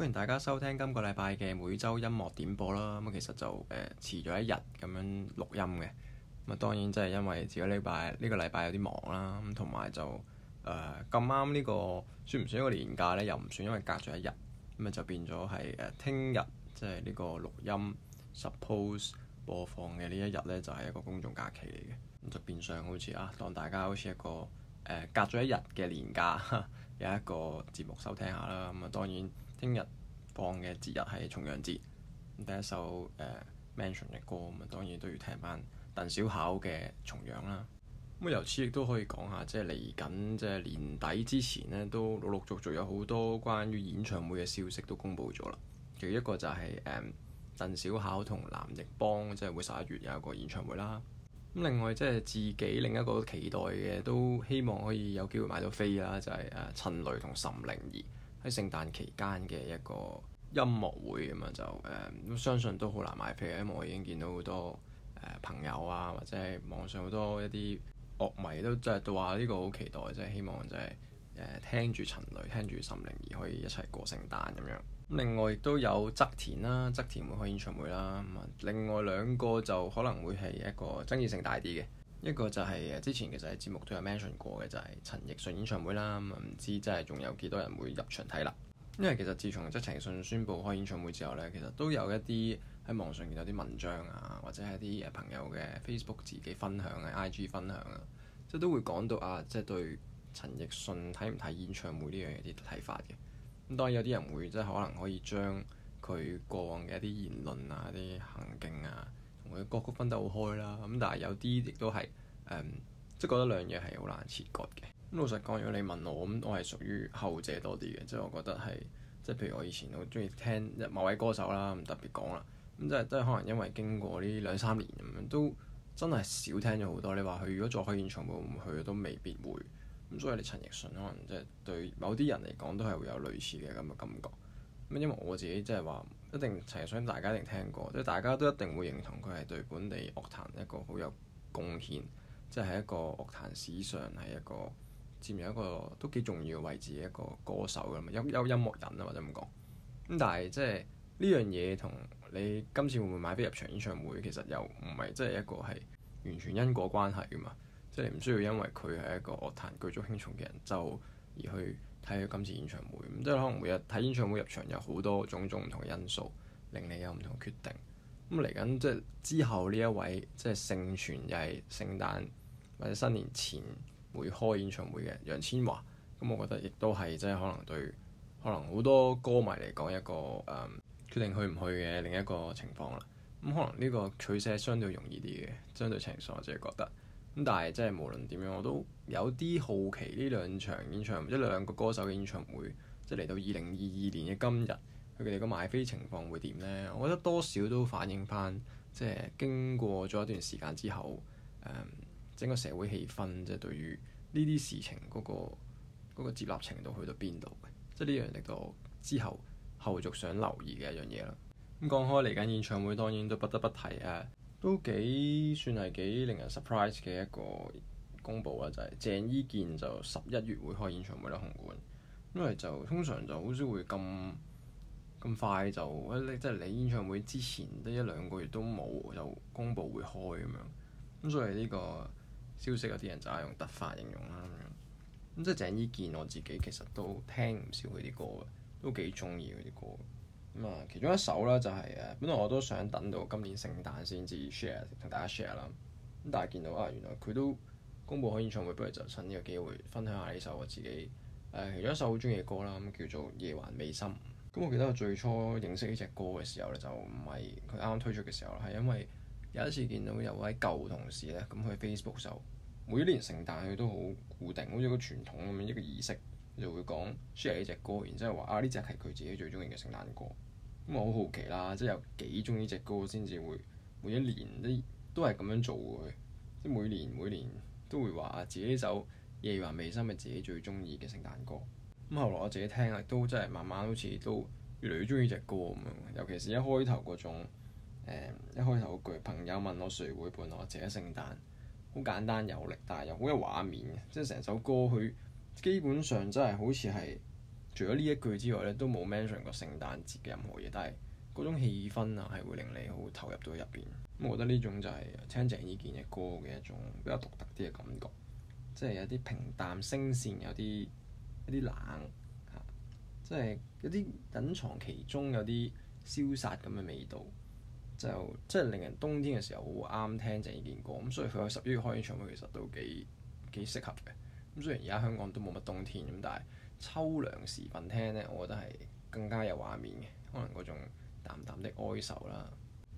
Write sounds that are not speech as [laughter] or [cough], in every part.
歡迎大家收聽今個禮拜嘅每周音樂點播啦。咁其實就誒、呃、遲咗一日咁樣錄音嘅。咁啊，當然即係因為遲咗禮拜呢個禮拜有啲忙啦，咁同埋就誒咁啱呢個算唔算一個年假呢？又唔算，因為隔咗一日咁啊，就變咗係誒聽日即係呢個錄音 suppose 播放嘅呢一日呢，就係、是、一個公眾假期嚟嘅，咁、嗯、就變相好似啊，當大家好似一個誒、呃、隔咗一日嘅年假 [laughs] 有一個節目收聽下啦。咁、嗯、啊，當然。聽日放嘅節日係重陽節，第一首誒、uh, mention 嘅歌，咁啊當然都要聽翻鄧小巧嘅重陽啦。咁由此亦都可以講下，即係嚟緊即係年底之前咧，都陸,陸陸續續有好多關於演唱會嘅消息都公布咗啦。其中一個就係、是、誒、um, 鄧小巧同藍奕邦即係會十一月有一個演唱會啦。咁另外即係自己另一個期待嘅，都希望可以有機會買到飛啦，就係誒陳雷同岑寧兒。喺聖誕期間嘅一個音樂會咁啊，就、呃、誒相信都好難買票，因為我已經見到好多誒、呃、朋友啊，或者係網上好多一啲樂迷都就係話呢個好期待，即、就、係、是、希望就係誒聽住陳蕾、聽住岑寧兒可以一齊過聖誕咁樣。另外亦都有側田啦，側田會開演唱會啦。咁啊，另外兩個就可能會係一個爭議性大啲嘅。一個就係、誒、之前其實喺節目都有 mention 過嘅，就係、是、陳奕迅演唱會啦，唔知真係仲有幾多人會入場睇啦？因為其實自從即係陳奕迅宣布開演唱會之後呢，其實都有一啲喺網上見到啲文章啊，或者係啲朋友嘅 Facebook 自己分享嘅、啊、IG 分享啊，即係都會講到啊，即係對陳奕迅睇唔睇演唱會呢樣嘢啲睇法嘅。咁當然有啲人會即係可能可以將佢過往嘅一啲言論啊、一啲行徑啊。嘅歌曲分得好開啦，咁但係有啲亦都係，即係覺得兩樣嘢係好難切割嘅。咁老實講，如果你問我，咁、嗯、我係屬於後者多啲嘅，即係我覺得係，即係譬如我以前好中意聽某位歌手啦，唔特別講啦，咁、嗯、即係都係可能因為經過呢兩三年咁樣，都真係少聽咗好多。你話佢如果再開演唱會，唔去，都未必會。咁、嗯、所以你陳奕迅可能即係對某啲人嚟講，都係會有類似嘅咁嘅感覺。因為我自己即係話，一定其實想大家一定聽過，即係大家都一定會認同佢係對本地樂壇一個好有貢獻，即係一個樂壇史上係一個佔有一個都幾重要位置嘅一個歌手㗎嘛，音有，有音樂人啊或者咁講。咁但係即係呢樣嘢同你今次會唔會買飛入場演唱會，其實又唔係即係一個係完全因果關係㗎嘛，即係你唔需要因為佢係一個樂壇舉足輕重嘅人就而去。睇佢今次演唱會，咁即係可能每日睇演唱會入場有好多種種唔同嘅因素，令你有唔同決定。咁嚟緊即係之後呢一位即係盛傳又係聖誕或者新年前會開演唱會嘅楊千嬅，咁、嗯、我覺得亦都係即係可能對可能好多歌迷嚟講一個誒、嗯、決定去唔去嘅另一個情況啦。咁、嗯、可能呢個取捨相對容易啲嘅，相對輕鬆，我自己覺得。咁但係即係無論點樣，我都有啲好奇呢兩場演唱會，即係兩個歌手嘅演唱會，即係嚟到二零二二年嘅今日，佢哋個買飛情況會點呢？我覺得多少都反映翻，即係經過咗一段時間之後、嗯，整個社會氣氛，即係對於呢啲事情嗰個嗰個接納程度去到邊度嘅，即係呢樣嘢到之後後續想留意嘅一樣嘢啦。咁講開嚟緊演唱會，當然都不得不提誒、啊。都幾算係幾令人 surprise 嘅一個公佈啦，就係鄭伊健就十一月會開演唱會啦，紅館。因為就通常就好少會咁咁快，就即係你演唱會之前得一兩個月都冇就公佈會開咁樣。咁所以呢個消息有啲人就係用突發形容啦咁樣。咁即係鄭伊健，我自己其實都聽唔少佢啲歌嘅，都幾中意佢啲歌。咁啊、嗯，其中一首咧就係、是、誒，本來我都想等到今年聖誕先至 share 同大家 share 啦。咁但係見到啊，原來佢都公佈開演唱會，不如就趁呢個機會分享下呢首我自己誒、呃、其中一首好中意嘅歌啦。咁叫做《夜還未深》。咁我記得我最初認識呢隻歌嘅時候咧，就唔係佢啱啱推出嘅時候，係因為有一次見到有位舊同事咧，咁佢 Facebook 就每年聖誕佢都好固定，好似個傳統咁樣一個儀式。就會講 share 呢隻歌，然之後話啊呢隻係佢自己最中意嘅聖誕歌。咁、嗯、我好好奇啦，即係有幾中意隻歌先至會每一年都都係咁樣做嘅？即係每年每年都會話啊自己首夜還未深係自己最中意嘅聖誕歌。咁、嗯、後來我自己聽啊都真係慢慢好似都越嚟越中意呢隻歌咁。尤其是一開頭嗰種、嗯、一開頭嗰句朋友問我誰會伴我度過聖誕，好簡單有力，但係又好有畫面，即係成首歌去。基本上真係好似係除咗呢一句之外咧，都冇 mention 過聖誕節嘅任何嘢。但係嗰種氣氛啊，係會令你好投入到入邊。咁、嗯、我覺得呢種就係聽鄭伊健嘅歌嘅一種比較獨特啲嘅感覺，即係有啲平淡聲線，有啲有啲冷，嚇、啊，即係有啲隱藏其中有啲消殺咁嘅味道，就即係令人冬天嘅時候好啱聽鄭伊健歌。咁、嗯、所以佢有十一月開演唱會，其實都幾幾適合嘅。咁雖然而家香港都冇乜冬天咁，但係秋涼時分聽呢，我覺得係更加有畫面嘅。可能嗰種淡淡的哀愁啦。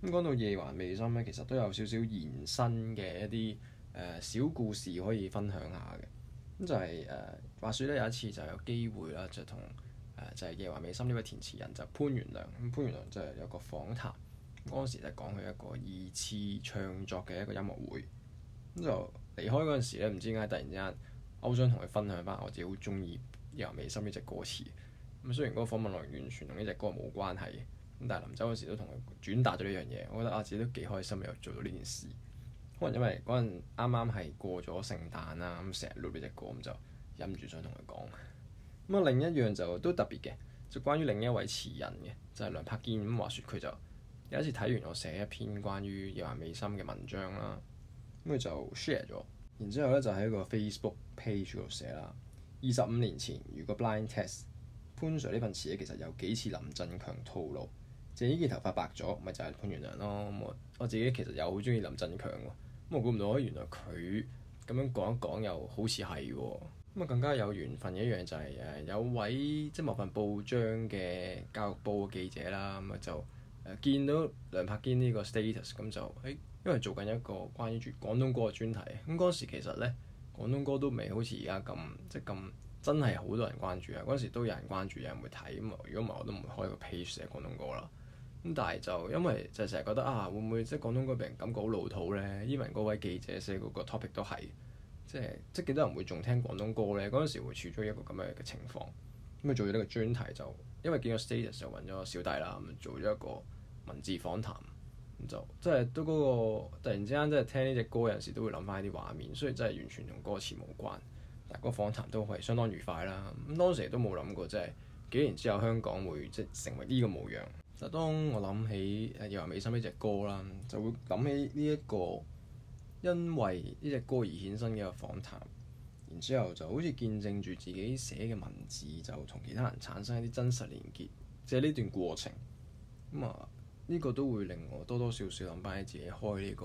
咁、嗯、講到夜還美心呢，其實都有少少延伸嘅一啲誒、呃、小故事可以分享下嘅。咁、嗯、就係、是、誒、呃、話説咧，有一次就有機會啦，就同誒、呃、就係、是、夜還未深呢位填詞人就潘源良。潘源良就係有個訪談嗰陣時，就講佢一個二次創作嘅一個音樂會。咁就離開嗰陣時咧，唔知點解突然之間～我想同佢分享翻，我自己好中意《有美心》呢隻歌詞。咁雖然嗰個訪問內容完全同呢隻歌冇關係，咁但係臨走嗰時都同佢轉達咗呢樣嘢。我覺得阿自己都幾開心，又做到呢件事。可能、嗯、因為嗰陣啱啱係過咗聖誕啦，咁成日錄呢隻歌，咁就忍唔住想同佢講。咁、嗯、啊，另一樣就都特別嘅，就關於另一位詞人嘅，就係、是、梁柏堅咁話説，佢就有一次睇完我寫一篇關於《有美心》嘅文章啦，咁、嗯、佢就 share 咗，然之後咧就喺個 Facebook。page 度寫啦。二十五年前，如果 blind test 潘 Sir 呢份詞咧，其實有幾似林振強套路。鄭伊健頭髮白咗，咪就係潘源良咯。我、嗯、我自己其實又好中意林振強喎。咁、嗯、我估唔到，原來佢咁樣講一講，又好似係喎。咁、嗯、啊，更加有緣分嘅一樣就係、是、誒有位即係《就是、某份報章》嘅《教育部嘅記者啦。咁、嗯、啊就誒、呃、見到梁柏堅呢個 status，咁、嗯、就誒、欸、因為做緊一個關於住廣東歌嘅專題。咁、嗯、嗰時其實咧。廣東歌都未好似而家咁即係咁真係好多人關注啊！嗰陣時都有人關注，有人會睇咁啊。如果唔係我都唔會開個 page 寫廣東歌啦。咁但係就因為就成日覺得啊，會唔會即係廣東歌俾人感覺好老土咧？依文嗰位記者寫嗰個 topic 都係即係即係幾多人會仲聽廣東歌咧？嗰陣時會處於一個咁樣嘅情況。咁佢做咗呢個專題就因為見個 status 就揾咗小弟啦，做咗一個文字訪談。就即係都嗰個突然之間，即係聽呢隻歌有陣時都會諗翻啲畫面，雖然真係完全同歌詞無關，但係個訪談都係相當愉快啦。咁當時都冇諗過，即係幾年之後香港會即成為呢個模樣。嗱，當我諗起葉問美心呢隻歌啦，就會諗起呢一個因為呢隻歌而衍生嘅訪談，然之後就好似見證住自己寫嘅文字就同其他人產生一啲真實連結，即係呢段過程。咁啊～呢個都會令我多多少少諗翻起自己開呢個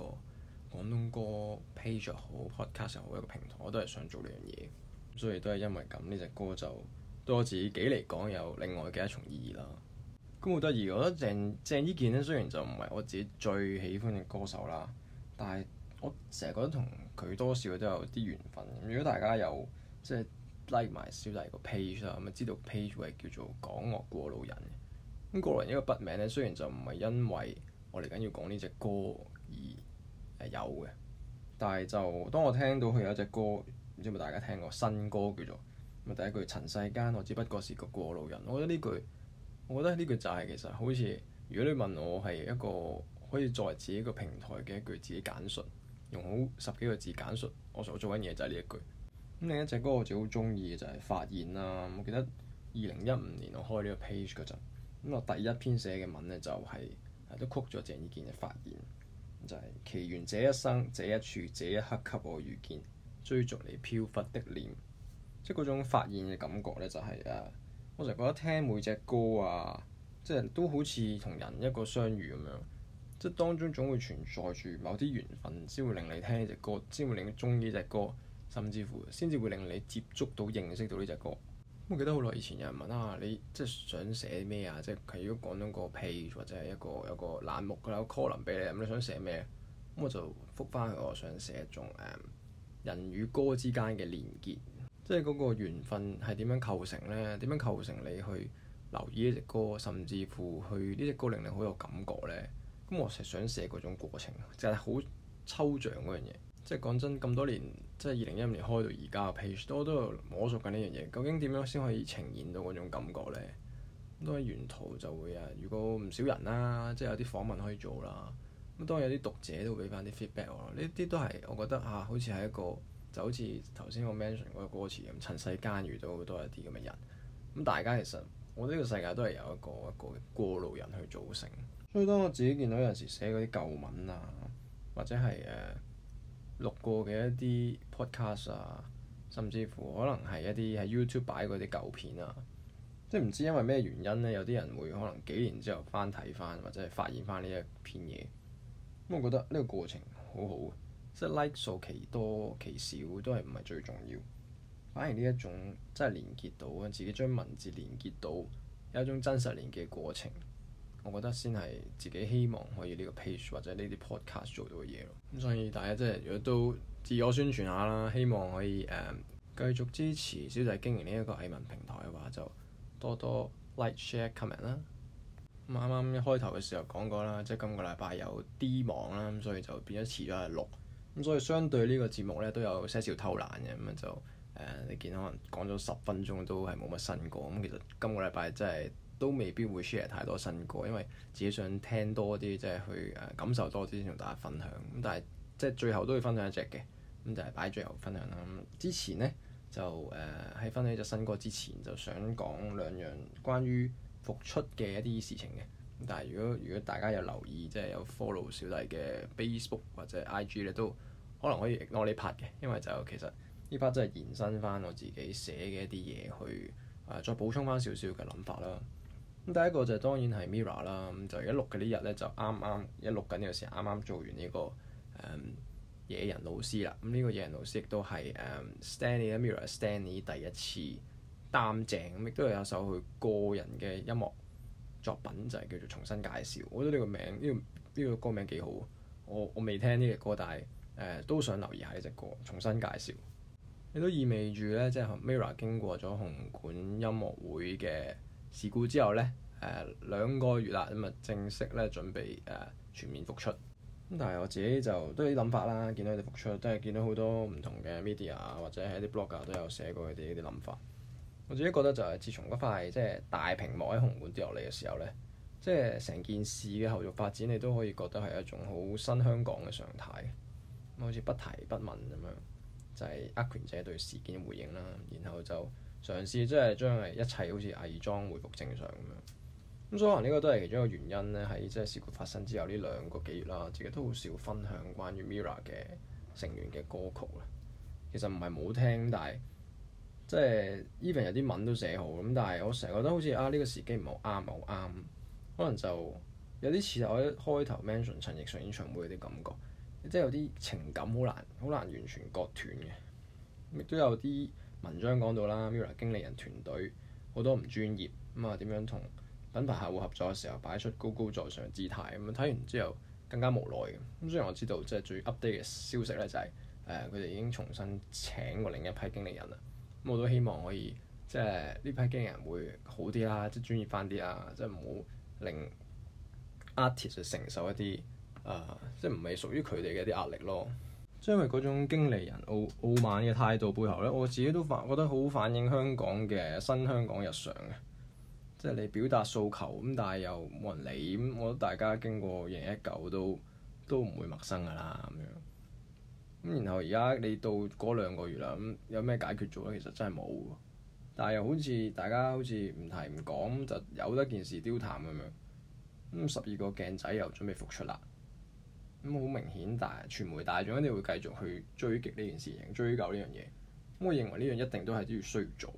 廣東歌 page 好 podcast 好一個平台，我都係想做呢樣嘢，所以都係因為咁，呢隻歌就對我自己嚟講有另外嘅一重意義啦。咁好得意，我覺得鄭鄭伊健咧，雖然就唔係我自己最喜歡嘅歌手啦，但係我成日覺得同佢多少都有啲緣分。如果大家有即係 like 埋小弟個 page 啦，咁咪知道 page 位叫做講樂過路人。過路人呢個筆名呢，雖然就唔係因為我嚟緊要講呢隻歌而誒有嘅，但係就當我聽到佢有一隻歌，唔知有冇大家聽過，新歌叫做咁，第一句塵世間，我只不過是個過路人。我覺得呢句，我覺得呢句就係、是、其實好似如果你問我係一個可以作為自己個平台嘅一句自己簡述，用好十幾個字簡述我所做緊嘢就係呢一句。咁另一隻歌我好就好中意嘅就係發現啦、啊。我記得二零一五年我開呢個 page 嗰陣。咁我第一篇寫嘅文咧就係都曲咗鄭伊健嘅發現，就係奇緣這一生這一處這一刻給我遇見，追逐你飄忽的臉，即係嗰種發現嘅感覺咧就係誒，我成日覺得聽每隻歌啊，即係都好似同人一個相遇咁樣，即係當中總會存在住某啲緣分先會令你聽呢隻歌，先會令你鍾意呢隻歌，甚至乎先至會令你接觸到認識到呢隻歌。我記得好耐以前有人問啊，你即係想寫咩啊？即係如果講到個 page 或者係一個有個欄目嘅啦，有 column 俾你，咁、嗯、你想寫咩？咁我就覆翻佢，我想寫一種誒、嗯、人與歌之間嘅連結，即係嗰個緣分係點樣構成咧？點樣構成你去留意呢隻歌，甚至乎去呢隻歌令你好有感覺咧？咁我成日想寫嗰種過程，就係好抽象嗰樣嘢。即係講真，咁多年。即係二零一五年開到而家嘅 page，我都喺度摸索緊呢樣嘢，究竟點樣先可以呈現到嗰種感覺呢？咁當然沿途就會啊，如果唔少人啦，即係有啲訪問可以做啦。咁當然有啲讀者都會俾翻啲 feedback 我，呢啲都係我覺得嚇、啊，好似係一個就好似頭先我 mention 嗰個歌詞咁，塵世間遇到好多一啲咁嘅人。咁大家其實我呢個世界都係由一個一個過路人去組成。所以當我自己見到有陣時寫嗰啲舊文啊，或者係誒、啊、錄過嘅一啲。podcast 啊，甚至乎可能係一啲喺 YouTube 擺嗰啲舊片啊，即係唔知因為咩原因咧，有啲人會可能會幾年之後翻睇翻，或者係發現翻呢一篇嘢。咁我覺得呢個過程好好，即係 like 數其多其少都係唔係最重要，反而呢一種即係連結到自己將文字連結到有一種真實連結嘅過程，我覺得先係自己希望可以呢個 page 或者呢啲 podcast 做到嘅嘢咯，咁所以大家即係如果都自我宣傳下啦，希望可以誒、uh, 繼續支持小弟經營呢一個藝文平台嘅話，就多多 like share、share、comment 啦。咁啱啱一開頭嘅時候講過啦，即係今個禮拜有 D 忙啦，咁所以就變咗遲咗嚟錄，咁所以相對呢個節目咧都有些少偷懶嘅，咁樣就誒、uh, 你見可能講咗十分鐘都係冇乜新嘅，咁其實今個禮拜真係～都未必會 share 太多新歌，因為自己想聽多啲，即係去誒感受多啲先同大家分享。咁但係即係最後都要分享一隻嘅，咁就係擺最後分享啦、嗯。之前呢，就誒喺、呃、分享呢隻新歌之前，就想講兩樣關於復出嘅一啲事情嘅。但係如果如果大家有留意，即係有 follow 小弟嘅 Facebook 或者 IG 咧，都可能可以攞你拍嘅，因為就其實呢 part 真係延伸翻我自己寫嘅一啲嘢去誒、呃，再補充翻少少嘅諗法啦。第一個就當然係 MIRROR 啦，咁就一錄嘅呢日咧就啱啱一錄緊呢個時候，啱啱做完呢、這個誒、嗯、野人老師啦，咁、嗯、呢、這個野人老師亦都係誒 Stanley 啦、啊、MIRROR Stanley 第一次擔正，咁亦都有首佢個人嘅音樂作品就係、是、叫做重新介紹，我覺得呢個名呢、這個呢、這個歌名幾好，我我未聽呢隻歌，但係誒、呃、都想留意下呢隻歌重新介紹，亦都意味住咧即係、就是、MIRROR 經過咗紅館音樂會嘅事故之後呢，誒、呃、兩個月啦，咁啊正式咧準備誒、呃、全面復出。咁但係我自己就都有啲諗法啦，見到佢哋復出，都係見到好多唔同嘅 media 或者係啲 blogger 都有寫過佢哋啲諗法。我自己覺得就係自從嗰塊即係、就是、大屏幕喺紅館跌落嚟嘅時候呢，即係成件事嘅後續發展，你都可以覺得係一種好新香港嘅常態。咁好似不提不問咁樣，就係、是、握權者對事件嘅回應啦，然後就，嘗試即係將係一切好似偽裝回復正常咁樣，咁所以可能呢個都係其中一個原因咧。喺即係事故發生之後呢兩個幾月啦，自己都好少分享關於 MIRROR 嘅成員嘅歌曲啦。其實唔係冇聽，但係即係 Even 有啲文都寫好咁，但係我成日覺得好似啊呢個時機唔係好啱，好啱。可能就有啲似我一開頭 mention 陳奕迅演唱會嗰啲感覺，即係有啲情感好難好難完全割斷嘅，亦都有啲。文章講到啦 MIRROR 經理人團隊好多唔專業，咁啊點樣同品牌客戶合作嘅時候擺出高高在上嘅姿態，咁睇完之後更加無奈。咁雖然我知道即係最 update 嘅消息咧就係誒佢哋已經重新請過另一批經理人啦，咁我都希望可以即係呢批經理人會好啲啦，即係專業翻啲啦，即係唔好令 artist 承受一啲誒、呃、即係唔係屬於佢哋嘅一啲壓力咯。因為嗰種經理人傲傲慢嘅態度背後咧，我自己都反覺得好反映香港嘅新香港日常嘅，即係你表達訴求咁，但係又冇人理，咁我覺得大家經過二零一九都都唔會陌生噶啦咁樣。咁然後而家你到嗰兩個月啦，咁有咩解決咗咧？其實真係冇，但係又好似大家好似唔提唔講，咁就有得件事丟淡咁樣。咁十二個鏡仔又準備復出啦。咁好、嗯、明顯，但係傳媒大眾一定會繼續去追擊呢件事情，追究呢樣嘢。咁我認為呢樣一定都係都要需要做。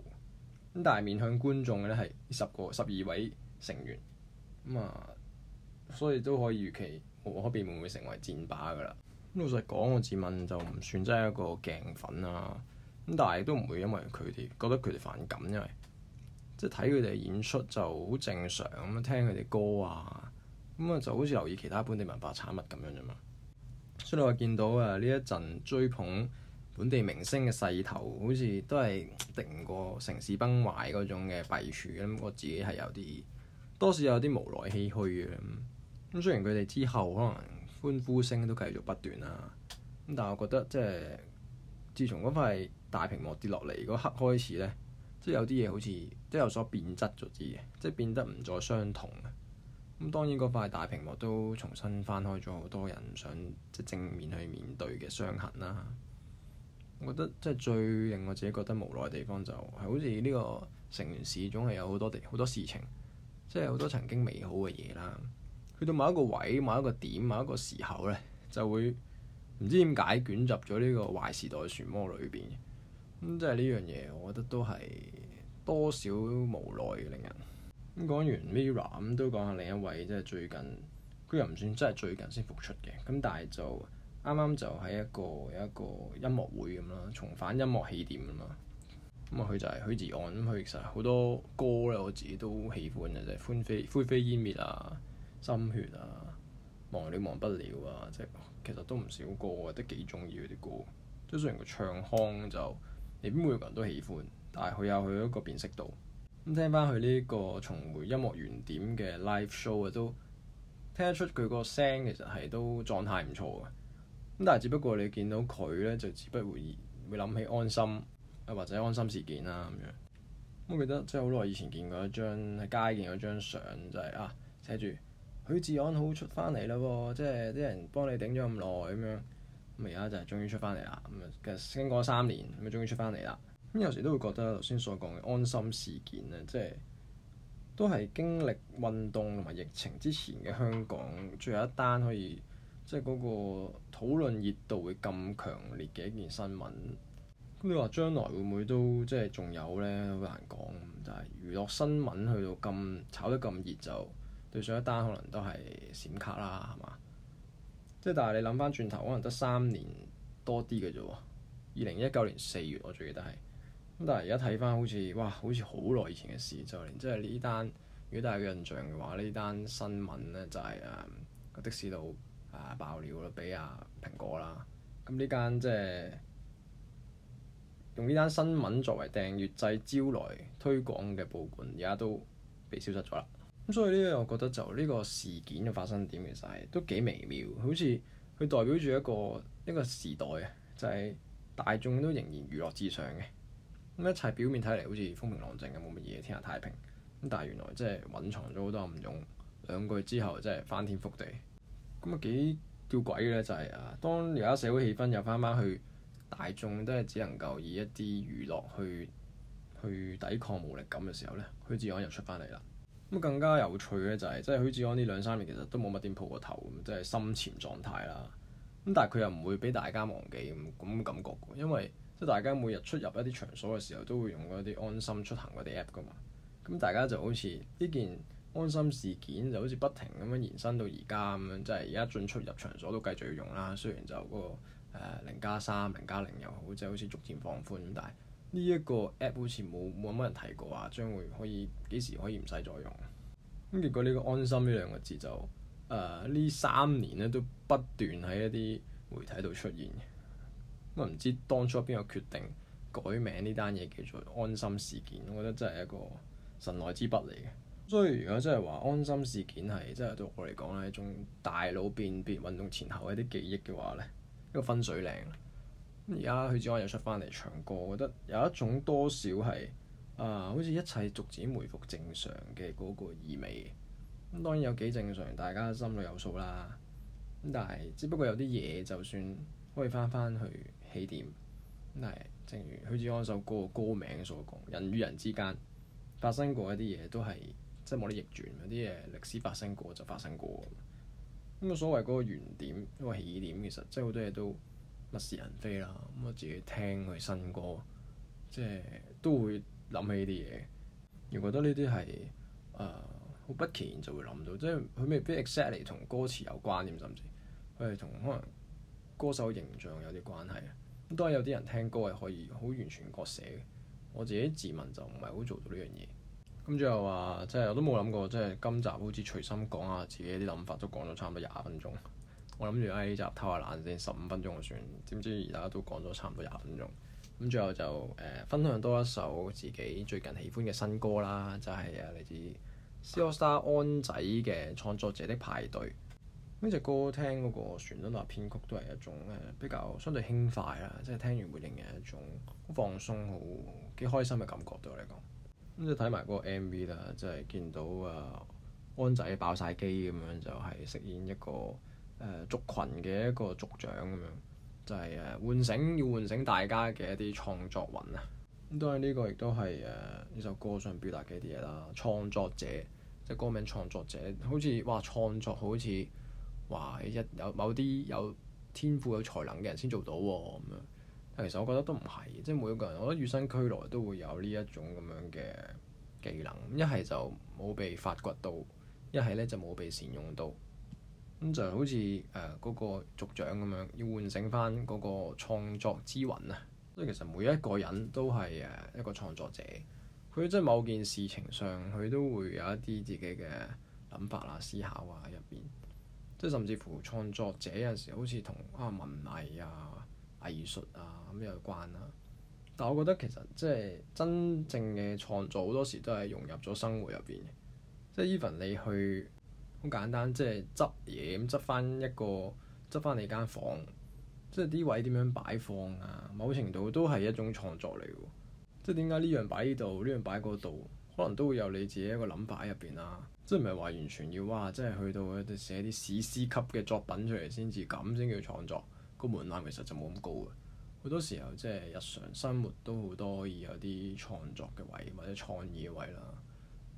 咁但係面向觀眾嘅咧，係十個十二位成員。咁、嗯、啊，所以都可以預期我可變會唔會成為戰靶噶啦。老實講，我自問就唔算真係一個鏡粉啊。咁但係都唔會因為佢哋覺得佢哋反感，因為即係睇佢哋演出就好正常咁，聽佢哋歌啊。咁啊，就好似留意其他本地文化產物咁樣啫嘛。所以我話見到啊呢一陣追捧本地明星嘅勢頭，好似都係敵唔過城市崩壞嗰種嘅弊處。咁我自己係有啲多少有啲無奈唏噓嘅。咁雖然佢哋之後可能歡呼聲都繼續不斷啦，咁但係我覺得即係自從嗰塊大屏幕跌落嚟嗰刻開始呢，即係有啲嘢好似都有所變質咗啲嘅，即係變得唔再相同。咁當然嗰塊大屏幕都重新翻開咗，好多人想即正面去面對嘅傷痕啦。我覺得即係最令我自己覺得無奈嘅地方，就係好似呢個城市總係有好多地好多事情，即係好多曾經美好嘅嘢啦。去到某一個位、某一個點、某一個時候呢，就會唔知點解捲入咗呢個壞時代嘅漩渦裏邊。咁即係呢樣嘢，我覺得都係多少無奈嘅令人。咁講完 MIRROR 咁，都講下另一位，即係最近，佢又唔算真係最近先復出嘅。咁但係就啱啱就喺一個一個音樂會咁啦，重返音樂起點啊嘛。咁啊、就是，佢就係許志安咁，佢其實好多歌咧，我自己都喜歡嘅啫、就是。灰飛灰飛煙滅啊，心血啊，忘你忘不了啊，即係其實都唔少歌嘅，都幾中意佢啲歌。即係雖然佢唱腔就未必每個人都喜歡，但係佢有佢一個辨識度。咁聽翻佢呢個重回音樂原點嘅 Live Show 啊，都聽得出佢個聲其實係都狀態唔錯嘅。咁但係只不過你見到佢咧，就只不諱會諗起安心或者安心事件啦、啊、咁樣。我記得即係好耐以前見過一張喺街見嗰張相，就係、是、啊寫住許志安好出翻嚟啦，即係啲人幫你頂咗咁耐咁樣。咁而家就係終於出翻嚟啦。咁啊，經過三年咁啊，終於出翻嚟啦。咁有時都會覺得頭先所講嘅安心事件呢，即係都係經歷運動同埋疫情之前嘅香港最後一單，可以即係嗰個討論熱度會咁強烈嘅一件新聞。咁你話將來會唔會都即係仲有呢？好難講，就係娛樂新聞去到咁炒得咁熱，就對上一單可能都係閃卡啦，係嘛？即係但係你諗翻轉頭，可能得三年多啲嘅啫。二零一九年四月，我最記得係。咁但係而家睇翻，好似哇，好似好耐以前嘅事。就連即係呢單，如果大家有印象嘅話，呢單新聞咧就係誒個的士佬啊爆料啦，俾阿、啊、蘋果啦。咁呢間即係用呢單新聞作為訂月制訂閱制招來推廣嘅報館，而家都被消失咗啦。咁所以呢，我覺得就呢、這個事件嘅發生點其實係都幾微妙，好似佢代表住一個一個時代啊，就係、是、大眾都仍然娛樂至上嘅。咁一切表面睇嚟好似風平浪靜嘅，冇乜嘢，天下太平。咁但係原來即係隱藏咗好多暗湧。兩個月之後即係翻天覆地。咁啊幾吊詭嘅咧，就係、是、啊當而家社會氣氛又返返去，大眾都係只能夠以一啲娛樂去去抵抗無力感嘅時候咧，許志安又出翻嚟啦。咁、嗯、更加有趣嘅就係、是，即係許志安呢兩三年其實都冇乜店鋪個頭，即係深潛狀態啦。咁但係佢又唔會俾大家忘記咁咁、那個、感覺因為即大家每日出入一啲場所嘅時候，都會用嗰啲安心出行嗰啲 app 噶嘛。咁大家就好似呢件安心事件，就好似不停咁樣延伸到而家咁樣。即係而家進出入場所都繼續要用啦。雖然就嗰個、誒零加三、零加零又好，即係好似逐漸放寬咁，但係呢一個 app 好似冇冇乜人提過啊，將會可以幾時可以唔使再用？咁結果呢個安心呢兩個字就誒呢、呃、三年咧都不斷喺一啲媒體度出現。都唔知當初邊個決定改名呢單嘢叫做安心事件，我覺得真係一個神來之筆嚟嘅。所以如果真係話安心事件係真係對我嚟講係一種大腦辨別運動前後一啲記憶嘅話呢一個分水嶺。而家許志安又出翻嚟唱歌，我覺得有一種多少係啊，好似一切逐漸回復正常嘅嗰個意味。咁當然有幾正常，大家心裏有數啦。但係只不過有啲嘢，就算可以翻翻去起點，係正如許志安首歌嘅歌名所講，人與人之間發生過一啲嘢，都係即係冇得逆轉。有啲嘢歷史發生過就發生過。咁啊，所謂嗰個原點，嗰個起點，其實即係好多嘢都物是人非啦。咁我自己聽佢新歌，即係都會諗起啲嘢。如果覺得呢啲係誒，好不期然就會諗到，即係佢未必 exactly 同歌詞有關嘅，甚至佢係同可能。歌手形象有啲關係啊，咁當然有啲人聽歌係可以好完全割捨嘅，我自己自問就唔係好做到呢樣嘢。咁最後話、啊，即係我都冇諗過，即係今集好似隨心講下自己啲諗法，都講咗差唔多廿分鐘。我諗住喺呢集偷下懶先，十五分鐘就算。點知而家都講咗差唔多廿分鐘。咁最後就誒、呃、分享多一首自己最近喜歡嘅新歌啦，就係、是、啊嚟自 C AllStar 安仔嘅《創作者的派對》。呢隻歌聽嗰個旋律同埋編曲都係一種誒，比較相對輕快啦，即係聽完會令人一種好放鬆、好幾開心嘅感覺對我嚟講。咁就睇埋嗰個 M.V. 啦，即係見到啊安仔爆晒機咁樣，就係飾演一個誒族群嘅一個族長咁樣，就係誒喚醒要喚醒大家嘅一啲創作魂啊。咁當然呢個亦都係誒呢首歌想表達嘅一啲嘢啦。創作者即係歌名創作者，好似哇創作好似～話一有某啲有天賦、有才能嘅人先做到喎，哦，咁樣。但其實我覺得都唔係，即係每一個人，我覺得與生俱來都會有呢一種咁樣嘅技能。一係就冇被發掘到，一係咧就冇被善用到。咁就好似誒嗰個族長咁樣，要喚醒翻嗰個創作之魂啊。所以其實每一個人都係誒一個創作者，佢即係某件事情上，佢都會有一啲自己嘅諗法啊、思考啊喺入邊。即係甚至乎創作者，有陣時好似同啊文藝啊藝術啊咁有關啦、啊，但係我覺得其實即係真正嘅創作好多時都係融入咗生活入邊，即係 even 你去好簡單，即係執嘢咁執翻一個執翻你間房，即係啲位點樣擺放啊，某程度都係一種創作嚟嘅。即係點解呢樣擺呢度，呢樣擺嗰度，可能都會有你自己一個諗法喺入邊啦。即係唔係話完全要哇？即係去到寫啲史詩級嘅作品出嚟先至咁，先叫創作，個門檻其實就冇咁高嘅。好多時候即係日常生活都好多而有啲創作嘅位或者創意嘅位啦。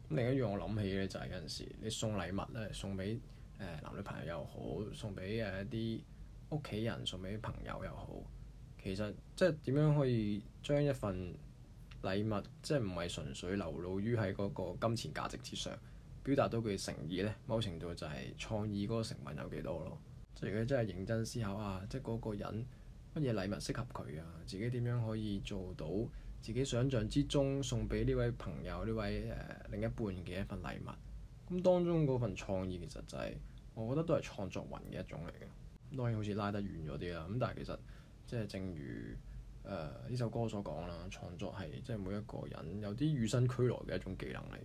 另一樣我諗起咧，就係、是、有陣時你送禮物咧，送俾誒、呃、男女朋友又好，送俾誒一啲屋企人，送俾朋友又好。其實即係點樣可以將一份禮物即係唔係純粹流露於喺嗰個金錢價值之上？表達到佢誠意呢，某程度就係創意嗰個成分有幾多咯。即係如果真係認真思考啊，即係嗰個人乜嘢禮物適合佢啊，自己點樣可以做到自己想像之中送俾呢位朋友、呢位誒、呃、另一半嘅一份禮物。咁當中嗰份創意其實就係、是、我覺得都係創作魂嘅一種嚟嘅。當然好似拉得遠咗啲啦，咁但係其實即係正如誒呢、呃、首歌所講啦，創作係即係每一個人有啲與生俱來嘅一種技能嚟。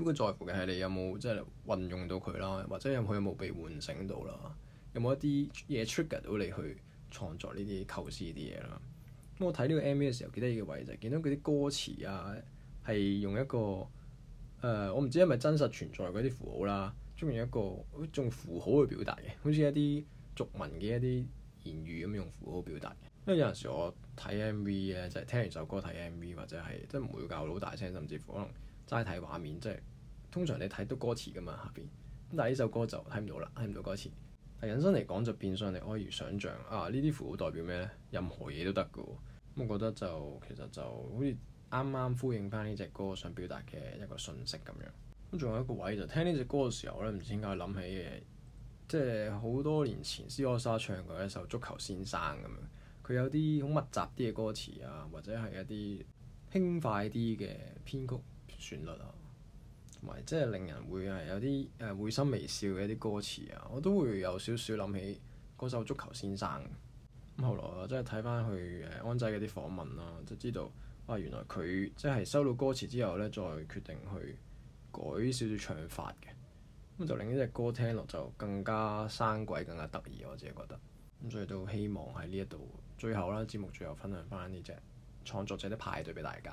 主要在乎嘅係你有冇即係運用到佢啦，或者有冇佢有冇被喚醒到啦，有冇一啲嘢 trigger 到你去創作呢啲構思啲嘢啦。咁我睇呢個 MV 嘅時候，記得呢個位就係，見到佢啲歌詞啊，係用一個誒、呃，我唔知係咪真實存在嗰啲符號啦，鍾意有一個用符號去表達嘅，好似一啲俗文嘅一啲言語咁用符號表達。因為有陣時我睇 MV 咧，就係聽完首歌睇 MV，或者係即係唔會教老大聲，甚至乎可能。齋睇畫面，即係通常你睇到歌詞㗎嘛，下邊咁，但係呢首歌就睇唔到啦，睇唔到歌詞。但係人生嚟講就變相，你可以想像啊，呢啲符號代表咩咧？任何嘢都得㗎喎。咁我覺得就其實就好似啱啱呼應返呢隻歌想表達嘅一個訊息咁樣。咁仲有一個位就聽呢隻歌嘅時候咧，唔知點解諗起嘅，即係好多年前斯科莎唱過一首《足球先生》咁樣，佢有啲好密集啲嘅歌詞啊，或者係一啲輕快啲嘅編曲。旋律啊，同埋即係令人會係有啲誒、呃、會心微笑嘅一啲歌詞啊，我都會有少少諗起嗰首足球先生咁。後來啊，即係睇翻去誒、呃、安仔嘅啲訪問啦，就知道哇，原來佢即係收到歌詞之後咧，再決定去改少少唱法嘅咁，就令呢隻歌聽落就更加生鬼，更加得意。我自己覺得咁，所以都希望喺呢一度最後啦，節目最後分享翻呢隻創作者啲派對俾大家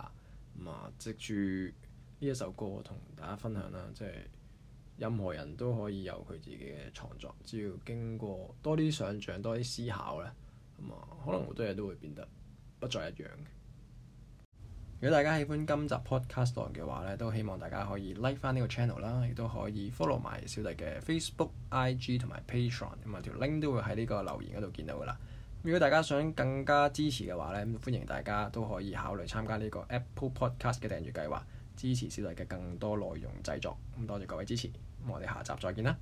咁啊，藉住。呢一首歌同大家分享啦，即係任何人都可以有佢自己嘅創作，只要經過多啲想像、多啲思考咧，咁啊，可能好多嘢都會變得不再一樣嘅。如果大家喜歡今集 podcast 嘅話咧，都希望大家可以 like 翻呢個 channel 啦，亦都可以 follow 埋小弟嘅 Facebook、IG 同埋 Patreon，咁啊條 link 都會喺呢個留言嗰度見到噶啦。如果大家想更加支持嘅話咧，咁歡迎大家都可以考慮參加呢個 Apple Podcast 嘅訂閱計劃。支持小弟嘅更多內容製作，咁多謝各位支持，咁我哋下集再見啦。